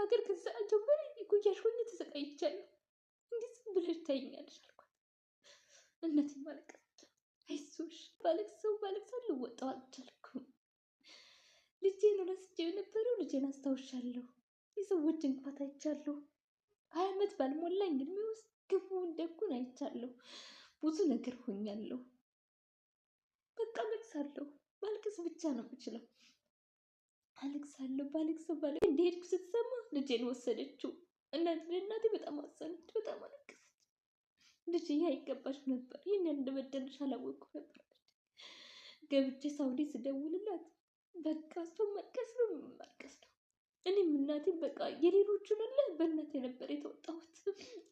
ከሀገር ከሰዓት ጀምሮ ጉያሽ ሆኜ ተሰቃይቻለሁ። እንዴት ብለሽ ታይኛለሽ አልኳት። እናቴ ማለቀሰች። አይዞሽ ባለቅሰው ባለቅስ ልወጣው አልቻልኩም። ልጄን ረስቼው የነበረው ልጄን አስታውሻለሁ። የሰዎች ክፋት አይቻለሁ። ሀያ ዓመት ባልሞላኝ እድሜ ውስጥ ክፉን ደጉን አይቻለሁ። ብዙ ነገር ሆኛለሁ። በቃ አለቅሳለሁ። ማልቀስ ብቻ ነው የምችለው። አለቅሳለሁ ባለቅሰው ባለ እንደሄድኩ ስትሰማ ልጄን ወሰደችው። እናት እናቴ በጣም አዘነች፣ በጣም አለቀሰች። ልጅ ይህ አይገባሽ ነበር፣ ይህን እንደበደልሽ አላወቅኩ ነበር። ገብቼ ሳውዲ ስደውልላት በቃ እሷ መቀስ ነው መቀስ ነው። እኔም እናቴን በቃ የሌሎቹን አለ በእናቴ ነበር የተወጣሁት።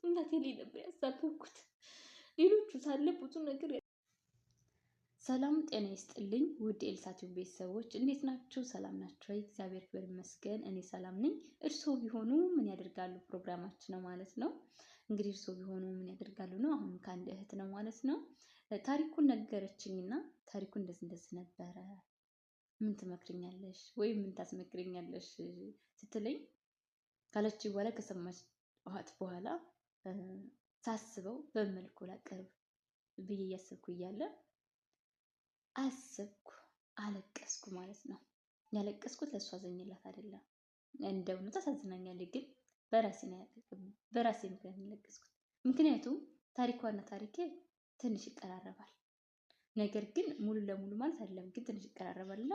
እናቴ ላይ ነበር ያሳበብኩት። ሌሎቹ ሳለ ብዙ ነገር ሰላም ጤና ይስጥልኝ ውድ ኤልሳቲው ቤተሰቦች እንዴት ናችሁ? ሰላም ናቸው? እግዚአብሔር ክብር ይመስገን፣ እኔ ሰላም ነኝ። እርስዎ ቢሆኑ ምን ያደርጋሉ ፕሮግራማችን ነው ማለት ነው። እንግዲህ እርስዎ ቢሆኑ ምን ያደርጋሉ ነው። አሁን ከአንድ እህት ነው ማለት ነው። ታሪኩን ነገረችኝና ታሪኩ እንደዚህ እንደዚህ ነበረ፣ ምን ትመክርኛለሽ ወይም ምን ታስመክርኛለሽ ስትለኝ ካለች በኋላ ከሰማች ውሀት በኋላ ሳስበው በመልኩ ላቀርብ ብዬ እያሰብኩ እያለ አስብኩ አለቀስኩ ማለት ነው። ያለቀስኩት ለእሱ አዘኝላት አይደለም፣ እንደ እውነቱ ታሳዝናኛለች፣ ግን በራሴ ምክንያት ያለቀስኩት። ምክንያቱም ታሪኳና ታሪኬ ትንሽ ይቀራረባል፣ ነገር ግን ሙሉ ለሙሉ ማለት አይደለም፣ ግን ትንሽ ይቀራረባል እና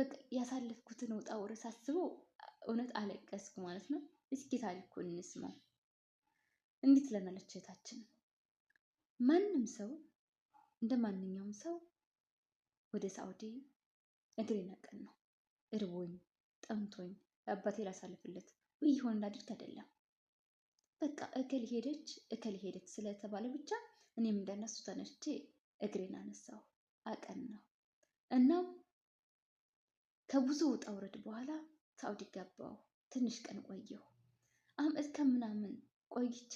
በቃ ያሳለፍኩትን ውጣ ውረድ ሳስበው እውነት አለቀስኩ ማለት ነው። እስኪ ታሪኩን እንስማው። እንዲህ ትለናለች እህታችን። ማንም ሰው እንደ ማንኛውም ሰው ወደ ሳዑዲ እግር ነቀን ነው። እርቦኝ ጠምቶኝ አባቴ ላሳልፍለት ውይ ይሆን እንዳድርግ አይደለም። በቃ እከል ሄደች እከል ሄደች ስለተባለ ብቻ እኔም እንደነሱ ተነስቼ እግሬን አነሳው አቀን ነው። እናም ከብዙ ውጣ ውረድ በኋላ ሳዑዲ ገባው። ትንሽ ቀን ቆየሁ። አመት ከምናምን ቆይቼ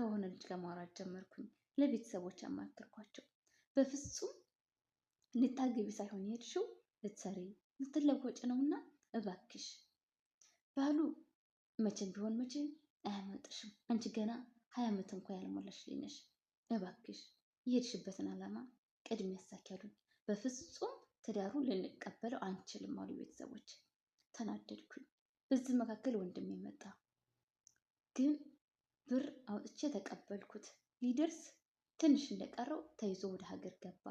ከሆነ ልጅ ጋር ማውራት ጀመርኩኝ። ለቤተሰቦች አማከርኳቸው። በፍጹም ልታገቢ ሳይሆን የሄድሽው ልትሰሪ ልትለወጭ እና እባክሽ ባሉ መቼም ቢሆን መቼም አያመልጥሽም። አንቺ ገና ሀያ ዓመት እንኳ ያልሞላሽ ልጅ ነሽ። እባክሽ የሄድሽበትን ዓላማ ቅድሚያ ያሳኪያሉን። በፍጹም ትዳሩን ልንቀበለው አንችልም አሉ ቤተሰቦች። ተናደድኩኝ። በዚህ መካከል ወንድሜ መጣ። ግን ብር አውጥቼ ተቀበልኩት። ሊደርስ ትንሽ እንደቀረው ተይዞ ወደ ሀገር ገባ።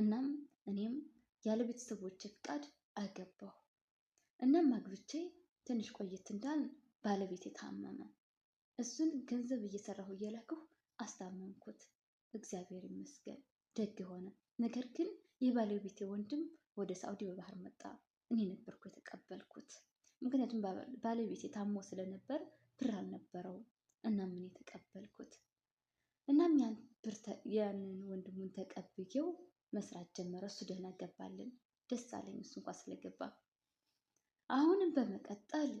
እናም እኔም ያለ ቤተሰቦች ፍቃድ አገባሁ። እናም አግብቼ ትንሽ ቆየት እንዳል ባለቤቴ ታመመ። እሱን ገንዘብ እየሰራሁ እየላክሁ አስታመምኩት። እግዚአብሔር ይመስገን ደግ ሆነ። ነገር ግን የባለቤቴ ወንድም ወደ ሳውዲ በባህር መጣ። እኔ ነበርኩ የተቀበልኩት። ምክንያቱም ባለቤቴ ታሞ ስለነበር ብር አልነበረው። እናም እኔ ተቀበልኩት። እናም ያን ወንድሙን ተቀብዬው መስራት ጀመረ። እሱ ደህና ገባልን፣ ደስ አለኝ እሱ እንኳ ስለገባ። አሁንም በመቀጠል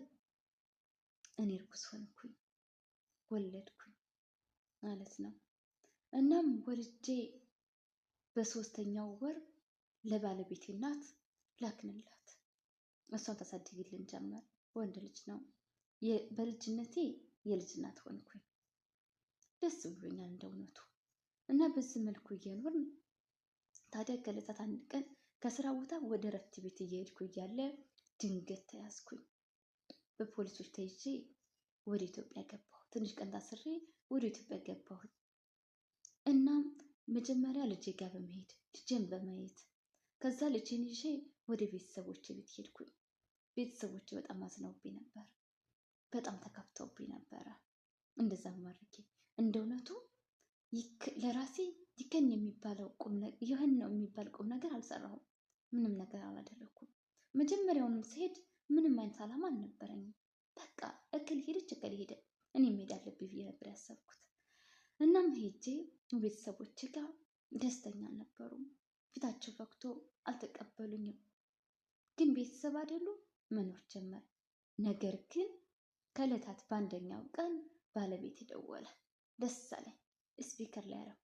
እኔ እርጉዝ ሆንኩኝ፣ ወለድኩኝ ማለት ነው። እናም ወልጄ በሶስተኛው ወር ለባለቤቴ እናት ላክንላት፣ እሷን ታሳድግልን ጀመር። ወንድ ልጅ ነው። በልጅነቴ የልጅ እናት ሆንኩኝ። ደስ ብሎኛል እንደ እውነቱ እና በዚህ መልኩ እየኖርን ታዲያ ገለጻት አንድ ቀን ከስራ ቦታ ወደ እረፍት ቤት እየሄድኩ እያለ ድንገት ተያዝኩኝ። በፖሊሶች ተይዤ ወደ ኢትዮጵያ ገባሁ። ትንሽ ቀን ታስሬ ወደ ኢትዮጵያ ገባሁ። እናም መጀመሪያ ልጄ ጋር በመሄድ ልጄን በማየት ከዛ ልጄን ይዤ ወደ ቤተሰቦች ቤት ሄድኩኝ። ቤተሰቦች በጣም አዝነውብኝ ነበር፣ በጣም ተከፍተውብኝ ነበረ። እንደዛ ማድረጌ እንደ እውነቱ ለራሴ ይህን የሚባለው ቁም ይህን ነው የሚባል ቁም ነገር አልሰራሁም። ምንም ነገር አላደረኩም። መጀመሪያውንም ስሄድ ምንም አይነት ዓላማ አልነበረኝም። በቃ እክል ሄደች እክል ሄደ እኔ መሄድ አለብኝ ብዬ ነበር ያሰብኩት። እናም ሄጄ ቤተሰቦች ጋር ደስተኛ አልነበሩም። ፊታቸው ፈክቶ አልተቀበሉኝም። ግን ቤተሰብ አይደሉ መኖር ጀመር። ነገር ግን ከእለታት በአንደኛው ቀን ባለቤት ደወለ። ደስ አለኝ። ስፒከር ላይ ያረኩ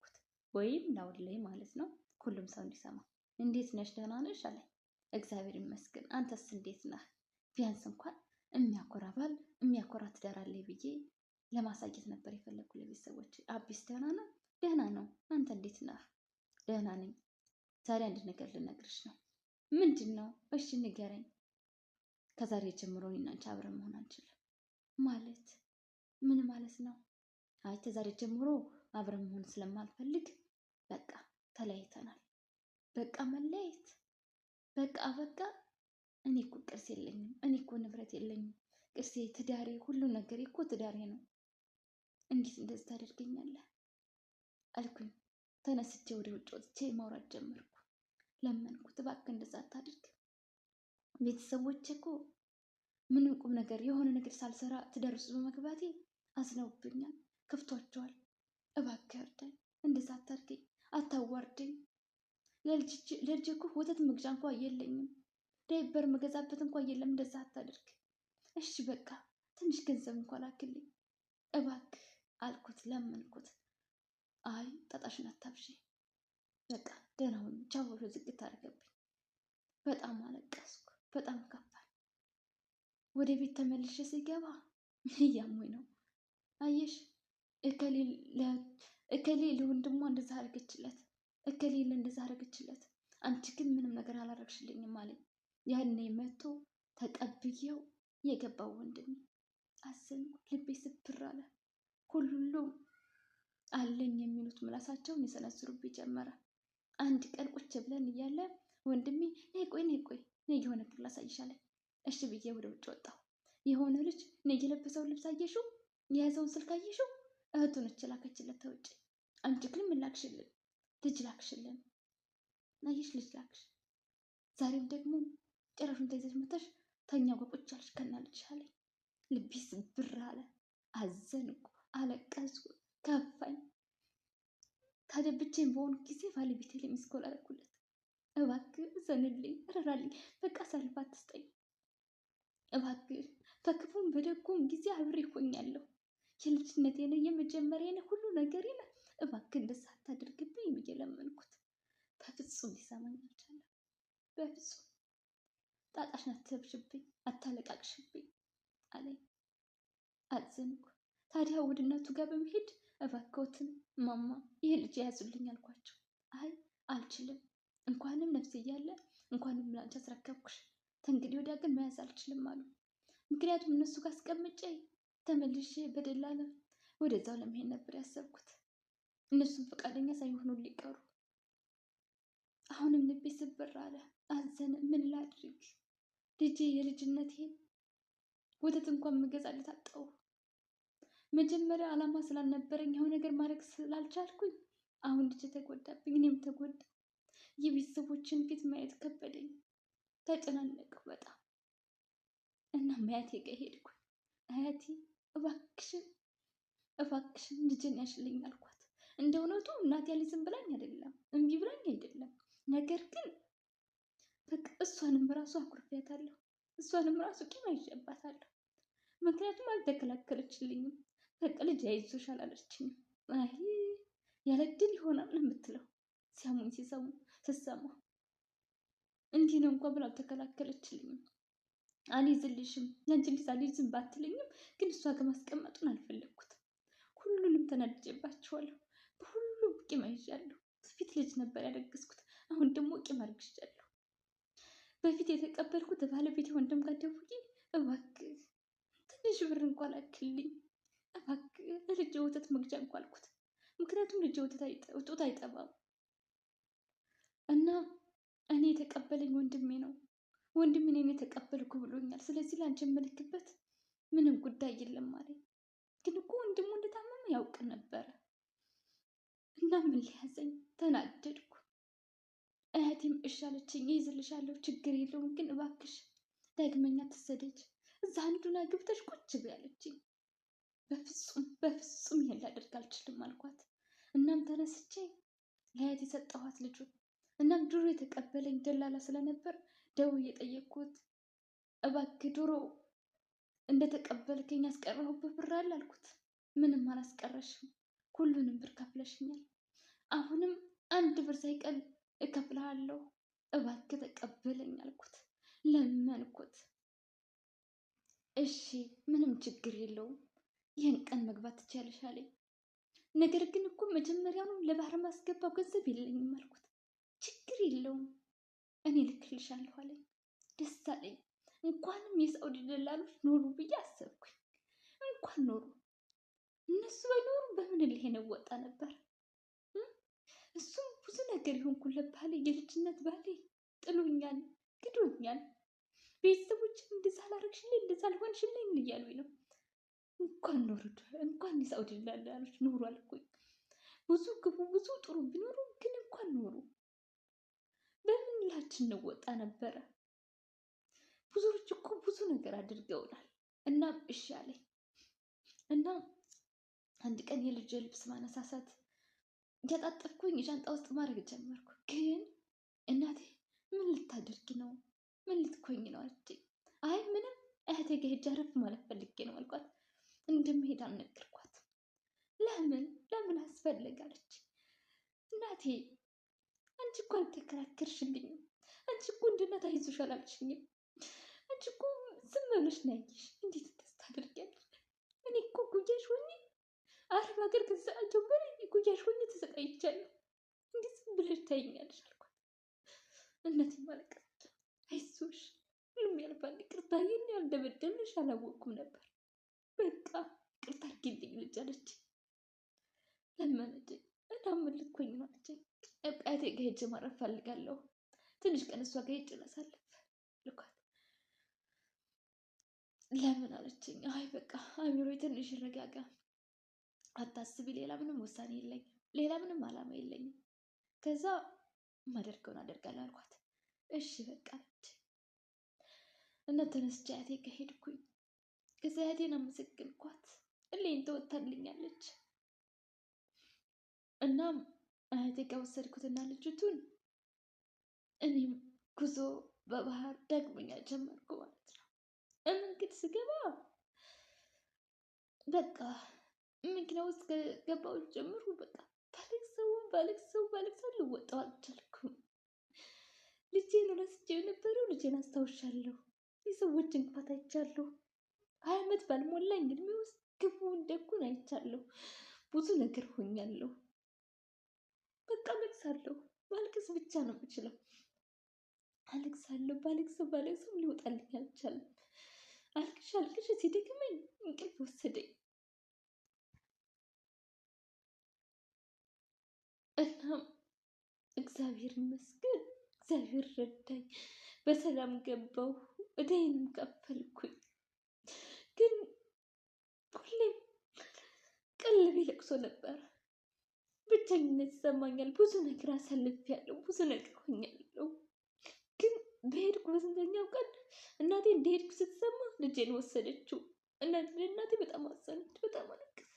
ወይም ላውድ ላይ ማለት ነው። ሁሉም ሰው እንዲሰማ እንዴት ነሽ ደህና ነሽ አለኝ። እግዚአብሔር ይመስገን አንተስ እንዴት ነህ? ቢያንስ እንኳን የሚያኮራ ባል የሚያኮራ ትዳር አለኝ ብዬ ለማሳየት ነበር የፈለግኩ ለቤተሰቦች። አቢስ ደህና ነው? ደህና ነው። አንተ እንዴት ነህ? ደህና ነኝ። ዛሬ አንድ ነገር ልነግርሽ ነው። ምንድን ነው? እሺ ንገረኝ። ከዛሬ ጀምሮ እኔና አንቺ አብረን መሆን አንችልም። ማለት ምን ማለት ነው? አይ ከዛሬ ጀምሮ አብረን መሆን ስለማልፈልግ በቃ ተለያይተናል። በቃ መለያየት በቃ በቃ። እኔ እኮ ቅርስ የለኝም፣ እኔ እኮ ንብረት የለኝም። ቅርሴ፣ ትዳሬ፣ ሁሉ ነገሬ እኮ ትዳሬ ነው። እንዴት እንደዚህ ታደርገኛለህ? አልኩኝ። ተነስቼ ወደ ውጭ ወጥቼ ማውራት ጀመርኩ። ለመንኩት፣ እባክህ እንደዛ አታድርግ። ቤተሰቦቼ እኮ ምንም ቁም ነገር የሆነ ነገር ሳልሰራ ትዳር በመግባቴ አዝነውብኛል፣ ከፍቷቸዋል። እባክህ እርዳኝ፣ እንደዛ አታድርገኝ። አታዋርደኝ። ለልጅ እኮ ወተት መግዣ እንኳ የለኝም፣ ዳይበር መገዛበት እንኳ የለም። እንደዛ አታደርግ እሺ። በቃ ትንሽ ገንዘብ እንኳ ላክልኝ እባክህ አልኩት፣ ለመንኩት። አይ ጣጣሽን አታብዢ፣ በቃ ደህና ሁኚ ቻው ብሎ ዝግት አደረገብኝ። በጣም አለቀስኩ፣ በጣም ከፋኝ። ወደ ቤት ተመልሼ ስገባ እያሞኝ ነው አየሽ እከሌ እከሌ ለወንድሟ እንደዛ አደረገችለት፣ እከሌ እንደዛ አደረገችለት፣ አንቺ ግን ምንም ነገር አላረግሽልኝም አለኝ። ያኔ መቶ ተቀብዬው የገባው ወንድሜ አዘንኩ፣ ልቤ ስብር አለ። ሁሉም አለኝ የሚሉት ምላሳቸውን የሰነዝሩብኝ ጀመረ። አንድ ቀን ቁጭ ብለን እያለ ወንድሜ ነይ ቆይ ነይ ቆይ ነይ የሆነ ነገር ላሳይሻለሁ። እሺ ብዬ ወደ ውጭ ወጣሁ። የሆነ ልጅ ነይ የለበሰውን ልብስ አየሽው? የያዘውን ስልክ አየሽው? እህቱ ነች የላከችለት ተውጭ። አንቺ ግን ምን ላክሽልን? ልጅ ላክሽልን። ናይሽ ልጅ ላክሽ። ዛሬም ደግሞ ጭራሹን ተይዘሽ መተሽ ተኛ ጓቆች አልሽ ከና ልጅ አለኝ። ልቤ ስብር አለ። አዘንኩ፣ አለቀስኩ፣ ከፋኝ። ታዲያ ብቻዬን በሆኑ ጊዜ ባለቤቴ ላይ ምስኮል አደረኩለት። እባክህ እዘንልኝ፣ እረራልኝ፣ በቃ ሳልፋ አትስጠኝ። እባክህ በክፉም በደጉም ጊዜ አብሬ ይሆኛለሁ። የልጅነቴን የመጀመሪያን ሁሉ ነገር ይለ እባክህ እንደዛ አታድርግብኝ እየለመንኩት በፍጹም ሊሰማኝ አልቻለም። በፍጹም ጣጣሽን አትብሽብኝ፣ አታለቃቅሽብኝ አለኝ። አዘንኩ። ታዲያ ውድነቱ ጋር በመሄድ እባክዎትን ማማ ይህ ልጅ የያዙልኝ አልኳቸው። አይ አልችልም፣ እንኳንም ነፍስ እያለ እንኳንም ላንቺ አስረከብኩሽ፣ ከእንግዲህ ወዲያ ግን መያዝ አልችልም አሉ። ምክንያቱም እነሱ ጋር አስቀምጬ ተመልሼ በደላላ ወደዛው ለመሄድ ነበር ያሰብኩት። እነሱም ፈቃደኛ ሳይሆኑ ሊቀሩ አሁንም ልቤ ስብር አለ፣ አዘነ። ምን ላድርግ? ልጄ የልጅነቴ ወተት እንኳን መገዛለት አጣሁ። መጀመሪያ ዓላማ ስላልነበረኝ ያው ነገር ማድረግ ስላልቻልኩኝ አሁን ልጄ ተጎዳብኝ፣ እኔም ተጎዳ። የቤተሰቦችን ፊት ማየት ከበደኝ፣ ተጨናነቅኩ በጣም እና አያቴ ጋ ሄድኩኝ። አያቴ እባክሽን እባክሽን ልጄን ያሽልኝ አልኳት። እንደ እውነቱ እናቴ አልይዝም ብላኝ አይደለም እምቢ ብላኝ አይደለም። ነገር ግን በቃ እሷንም ራሱ አኩርፊያታለሁ። እሷንም ራሱ ቂም አይዤባታለሁ። ምክንያቱም አልተከላከለችልኝም። በቃ ልጅ አይዞሽ አላለችኝም። አይ ያለ እድል ይሆናል ነው የምትለው ሲያሙኝ ሲሰሙ ስሰማ እንዲህ ነው እንኳን ብላ አልተከላከለችልኝም። አልይዝልሽም ያንቺ ልጅ አልይዝም ባትለኝም ግን እሷ ጋር ማስቀመጡን አልፈለግኩትም። ሁሉንም ተናድጄባቸዋለሁ። በሁሉም ቂም አይዣለሁ። በፊት ልጅ ነበር ያረገዝኩት፣ አሁን ደግሞ ቂም አርግዣለሁ። በፊት የተቀበልኩት ባለቤት ወንድም ጋር ደውዬ እባክህ ትንሽ ብር እንኳን አክልኝ እባክህ ለልጅ ወተት መግዣ እንኳን አልኩት። ምክንያቱም ልጅ ወተት አይጠባም እና እኔ የተቀበለኝ ወንድሜ ነው ወንድሜ ነው የተቀበለ ስለዚህ ላንቺ የምልክበት ምንም ጉዳይ የለም አለኝ። ግን እኮ ወንድሙ እንደታመመ ያውቅ ነበረ እና ምን ሊያዘኝ ተናደድኩ። እህቴም እሺ አለችኝ፣ ይዝልሻለሁ፣ ችግር የለውም ግን እባክሽ ዳግመኛ ትሰደጅ እዛ አንዱን አግብተሽ ቁጭ በይ በፍጹም በፍጹም ይሄን ላደርግ አልችልም አልኳት። እናም ተነስቼ ለእህት የሰጠኋት ልጁ እናም ድሮ የተቀበለኝ ደላላ ስለነበር ደውዬ የጠየቅኩት እባክህ ዶሮ እንደተቀበልከኝ ያስቀረሁበት ብር አለ አልኩት። ምንም አላስቀረሽም፣ ሁሉንም ብር ከፍለሽኛል። አሁንም አንድ ብር ሳይቀር እከፍልሃለሁ፣ እባክህ ተቀበለኝ አልኩት፣ ለመንኩት። እሺ ምንም ችግር የለውም ይህን ቀን መግባት ትችያለሽ አለኝ። ነገር ግን እኮ መጀመሪያውኑ ለባህር ማስገባው ገንዘብ የለኝም አልኩት። ችግር የለውም እኔ ልክልሻለሁ አለኝ። ደስ አለኝ። እንኳንም የሳውዲ ደላሎች ኖሩ ብዬ አሰብኩኝ። እንኳን ኖሩ እነሱ በኖሩ በምን ልሄ ነወጣ ነበር። እሱም ብዙ ነገር የሆንኩለት ባሌ፣ የልጅነት ባሌ ጥሎኛል፣ ግዶኛል። ቤተሰቦችን እንደዛ አላረግሽልኝ፣ እንደዛ አልሆንሽልኝ እያሉኝ ነው። እንኳን ኖሩ እንኳን የሳውዲ ደላሎች ኖሩ አልኩኝ። ብዙ ግቡ ብዙ ጥሩ ቢኖሩ ግን እንኳን ኖሩ። በምን ላችን እንወጣ ነበረ ብዙዎች እኮ ብዙ ነገር አድርገውናል። እናም እሺ አለኝ እና አንድ ቀን የልጅ ልብስ ማነሳሳት እያጣጠፍኩኝ ሻንጣ ውስጥ ማድረግ ጀመርኩ። ግን እናቴ ምን ልታደርግ ነው? ምን ልትኮኝ ነው አለችኝ። አይ ምንም እህቴ ጋ ሄጄ አረፍ ማለት ፈልጌ ነው አልኳት። እንደምሄድ አልነገርኳት። ለምን ለምን አስፈለገ አለች። እናቴ አንቺ እኮ አልተከራከርሽልኝም። አንቺ እኮ እንድነት አይዞሽ አላልሽኝም። አንቺ እኮ ዝም ብለሽ ነው ያየሽ። እንዴት ደስ ታደርጊያለሽ? እኔ እኮ ጉያሽ ሆኜ አረብ ሀገር ከዛቸው በላይ ጉያሽ ሆኜ ተሰቃይቻለሁ። እንዴት ዝም ብለሽ ታይኛለሽ? አልኳት። እናቴ ማለቀሰች። አይዞሽ ሁሉም ያልፋል፣ ይቅርታ ይህን ያልደበደልሽ አላወቅኩም ነበር። በቃ ይቅርታ አድርጊልኝ ልጅ አለች። እናም ልኮኝ ነው አለችኝ። አያቴ ሄጄ ማረፍ ፈልጋለሁ። ትንሽ ቀን እሷ ጋር ሄጄ ላሳልፍ ልኳት ለምን አለችኝ። አይ በቃ አሚሮ ትንሽ ይረጋጋ አታስቢ፣ ሌላ ምንም ውሳኔ የለኝም፣ ሌላ ምንም አላማ የለኝም። ከዛ ማደርገውን አደርጋለሁ አልኳት። እሺ በቃ አለች እና ተነስቼ አያቴ ጋር ሄድኩኝ። ከዛ አያቴን አመሰግንኳት። እሌን ተወታልኛለች። እናም አያቴ ጋር ወሰድኩትና ልጅቱን እኔም ጉዞ በባህር ዳግመኛ ጀመርኩ ማለት ነው። መንገድ ስገባ በቃ መኪና ውስጥ ገባው ጀምሩ በቃ ባለቅሰው ባለቅሰው ባለቅሰው ልወጣው አልቻልኩም። ልጄን ረስቼ የነበረው ልጄን አስታውሻለሁ። የሰዎችን ክፋት አይቻለሁ። ሀያ ዓመት ባልሞላኝ እድሜ ውስጥ ክፉን ደጉን አይቻለሁ። ብዙ ነገር ሆኛለሁ። በቃ አለቅሳለሁ። ማልቀስ ብቻ ነው የምችለው። አለቅሳለሁ። ባለቅሰው ባለቅሰው ሊወጣልኝ አልቻለም። አልቅሽ አልቅሽ ሲደክመኝ እንቅልፍ ወሰደኝ እና እግዚአብሔር ይመስገን እግዚአብሔር ረዳኝ፣ በሰላም ገባሁ፣ እዳይንም ከፈልኩኝ። ግን ሁሌም ቀልቤ ለቅሶ ነበረ። ብቸኝነት ይሰማኛል። ብዙ ነገር አሳልፌያለሁ፣ ብዙ ነገር ሆኛለሁ። በሄድኩ በስንተኛው ቀን እናቴ እንደሄድኩ ስትሰማ ልጄን ወሰደችው። እናቴ ለእናቴ በጣም አዘነች፣ በጣም አለቀሰች።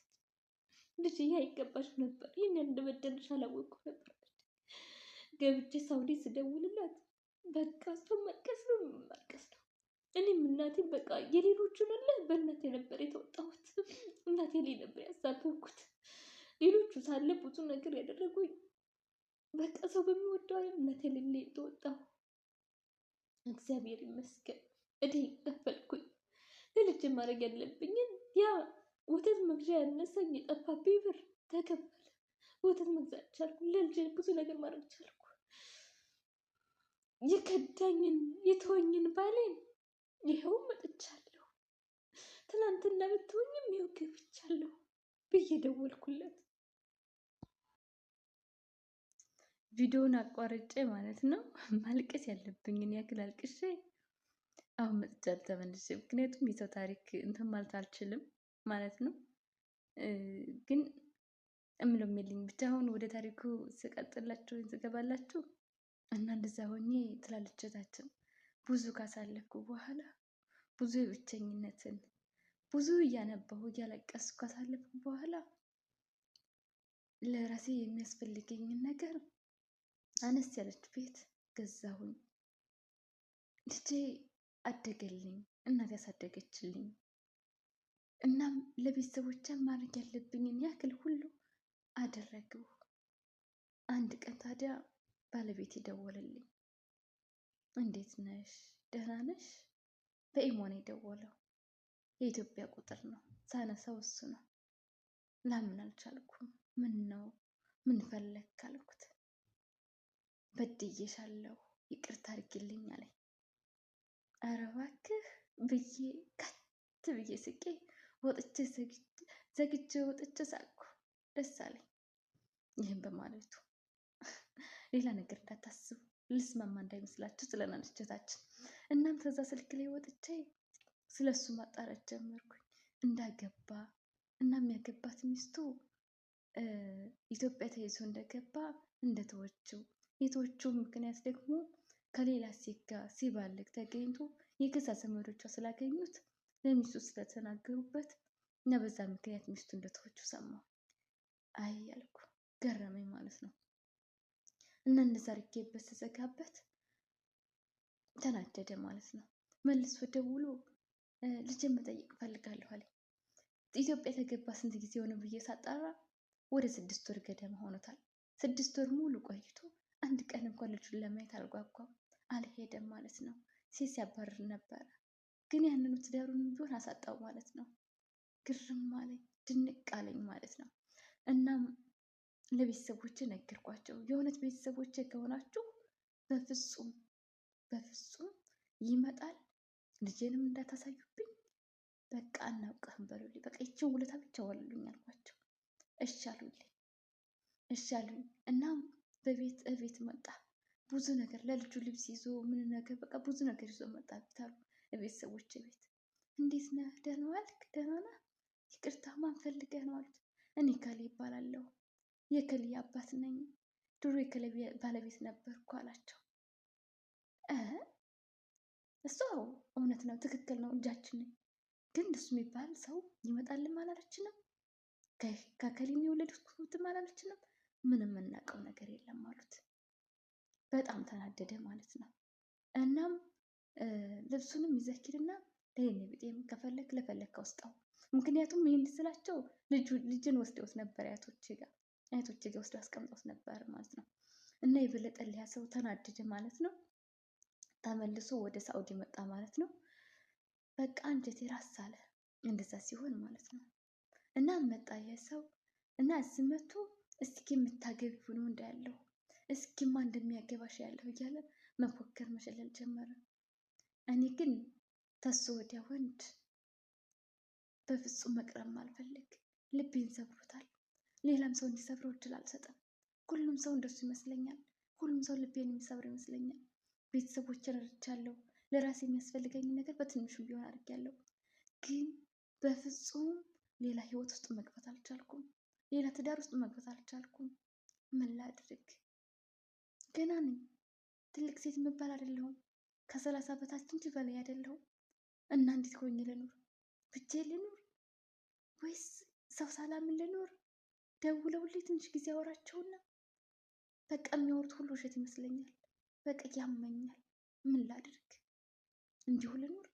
ልጅ ይህ አይገባሽ ነበር፣ ይህን እንደበደልሽ አላወቅኩም ነበር። ገብቼ ሳውዲ ስደውልላት በቃ እሷ መቀስ ነው የምመቀስ ነው። እኔም እናቴን በቃ የሌሎቹን አለ በእናቴ ነበር የተወጣሁት። እናቴ ላይ ነበር ያሳተኩት። ሌሎቹ ሳለ ብዙ ነገር ያደረጉኝ በቃ ሰው በሚወደው አይነት እናቴ ላይ የተወጣሁት እግዚአብሔር ይመስገን እኔ ከፈልኩኝ ለልጅ ማድረግ ያለብኝን ያ ወተት መግዣ ያነሰኝ የጠፋብኝ ብር ተከፈለ። ወተት መግዛት ቻልኩ። ለልጅ ብዙ ነገር ማድረግ ቻልኩ። የከዳኝን የተወኝን ባሌን ይኸው መጥቻለሁ። ትናንትና ብትሆኝም ይኸው ገብቻለሁ ብዬ ደወልኩለት። ቪዲዮውን አቋርጬ ማለት ነው ማልቀስ ያለብኝን ያክል አልቅሼ አሁን መጥቻለሁ ተመልሼ። ምክንያቱም የሰው ታሪክ እንትን ማለት አልችልም ማለት ነው። ግን እምለው የለኝም ብቻ። አሁን ወደ ታሪኩ ስቀጥላችሁ ወይም ስገባላችሁ እና እንደዛ ሆኜ ትላለችታችን ብዙ ካሳለፍኩ በኋላ ብዙ የብቸኝነትን ብዙ እያነባሁ እያለቀስኩ ካሳለፍኩ በኋላ ለራሴ የሚያስፈልገኝን ነገር አነስ ያለች ቤት ገዛሁኝ። ልጄ አደገልኝ፣ እናት ያሳደገችልኝ። እናም ለቤተሰቦቼን ማድረግ ያለብኝን ያክል ሁሉ አደረግሁ። አንድ ቀን ታዲያ ባለቤት ይደወልልኝ። እንዴት ነሽ? ደህና ነሽ? በኢሞን የደወለው የኢትዮጵያ ቁጥር ነው። ሳነሳው እሱ ነው። ላምን አልቻልኩም። ምን ነው ምን ፈለግ ካልኩት በድዬሻለሁ ይቅርታ አድርጊልኝ አለኝ። ኧረ እባክህ ብዬ ከት ብዬ ስቄ ወጥቼ ዘግቼ ወጥቼ ሳቅኩ። ደስ አለኝ ይህን በማለቱ። ሌላ ነገር እንዳታስቡ ልስማማ እንዳይመስላችሁ ስለናንቸታችን። እናም ከዛ ስልክ ላይ ወጥቼ ስለ እሱ ማጣራት ጀመርኩኝ እንዳገባ እና የሚያገባት ሚስቱ ኢትዮጵያ ተይዞ እንደገባ እንደተወችው ሴቶቹ ምክንያት ደግሞ ከሌላ ሴት ጋር ሲባልግ ተገኝቶ የገዛ ዘመዶቿ ስላገኙት ለሚስቱ ስለተናገሩበት እና በዛ ምክንያት ሚስቱ እንደተወችው ሰማው አይ ያልኩ ገረመኝ ማለት ነው። እና እንደዛ አድርጌበት ስዘጋበት ተናደደ ማለት ነው። መልሶ ደውሎ ልጅን መጠየቅ እፈልጋለሁ አለ። ኢትዮጵያ የተገባ ስንት ጊዜ ሆነ ብዬ ሳጣራ ወደ ስድስት ወር ገደማ ሆኖታል። ስድስት ወር ሙሉ ቆይቶ አንድ ቀን እንኳን ልጁን ለማየት አልጓጓም፣ አልሄደም ማለት ነው። ሴት ሲያባርር ነበረ። ግን ያንኑ ትዳሩን ቢሆን አሳጣው ማለት ነው። ግርም አለኝ፣ ድንቅ አለኝ ማለት ነው። እናም ለቤተሰቦች ነገርኳቸው። የእውነት ቤተሰቦች ከሆናችሁ በፍጹም በፍጹም ይመጣል፣ ልጄንም እንዳታሳዩብኝ፣ በቃ አናውቅህም በሉልኝ። በቃ ይችን ውለታ ብቻ ዋሉልኝ አልኳቸው። እሺ አሉልኝ፣ እሺ እናም በቤት እቤት መጣ። ብዙ ነገር ለልጁ ልብስ ይዞ ምን ነገር በቃ ብዙ ነገር ይዞ መጣ። ቤት አሉ ቤተሰቦች ቤት እንዴት ነህ? ደህና ዋልክ? ደህና ነህ? ይቅርታ ማን ፈልገህ ነው አሉት። እኔ ከሌ ይባላለሁ የከሌ አባት ነኝ። ድሮ የከሌ ባለቤት ነበርኩ አላቸው። እሱ እውነት ነው፣ ትክክል ነው፣ እጃችን ነኝ። ግን እሱ የሚባል ሰው ይመጣልም አላለችንም። ከከሌ የወለድኩትም አላለችንም። ምንም የምናውቀው ነገር የለም አሉት። በጣም ተናደደ ማለት ነው። እናም ልብሱንም ይዘህ ሂድና ለይን ቢጤም ከፈለግ ለፈለክ ስጠው። ምክንያቱም ይህን ስላቸው ልጅን ወስደውት ነበር አያቶቼ ጋር አያቶቼ ጋር ወስደው አስቀምጠውት ነበር ማለት ነው። እና የበለጠ ሊያ ሰው ተናደደ ማለት ነው። ተመልሶ ወደ ሳኡዲ መጣ ማለት ነው። በቃ አንጀቴ ራስ አለ እንደዛ ሲሆን ማለት ነው። እና መጣ ሰው እና ዝመቱ እስኪ የምታገቢው ነው እንዳያለሁ ማ እንደሚያገባሽ ያለሁ እያለ መፎከር መሸለል ጀመረ። እኔ ግን ተሱ ወዲያ ወንድ በፍጹም መቅረብ አልፈልግ። ልቤን ሰብሮታል። ሌላም ሰው እንዲሰብረው እድል አልሰጠም። ሁሉም ሰው እንደሱ ይመስለኛል። ሁሉም ሰው ልቤን የሚሰብር ይመስለኛል። ቤተሰቦችን ረድቻለሁ። ለራሴ የሚያስፈልገኝ ነገር በትንሹም ቢሆን አድርጌያለሁ። ግን በፍጹም ሌላ ህይወት ውስጥ መግባት አልቻልኩም። ሌላ ትዳር ውስጥ መግባት አልቻልኩም። ምን ላድርግ? ገና ነኝ። ትልቅ ሴት የምባል አይደለሁም። ከሰላሳ እንጂ በላይ አይደለሁም። እና እንዴት ሆኜ ልኑር ብቼ ልኖር ወይስ ሰው ሰላምን ልኖር? ደውለውልኝ ትንሽ ጊዜ አወራቸውና በቃ የሚያወሩት ሁሉ ውሸት ይመስለኛል። በቃ ያመኛል። ምን ላድርግ? እንዲሁ ልኖር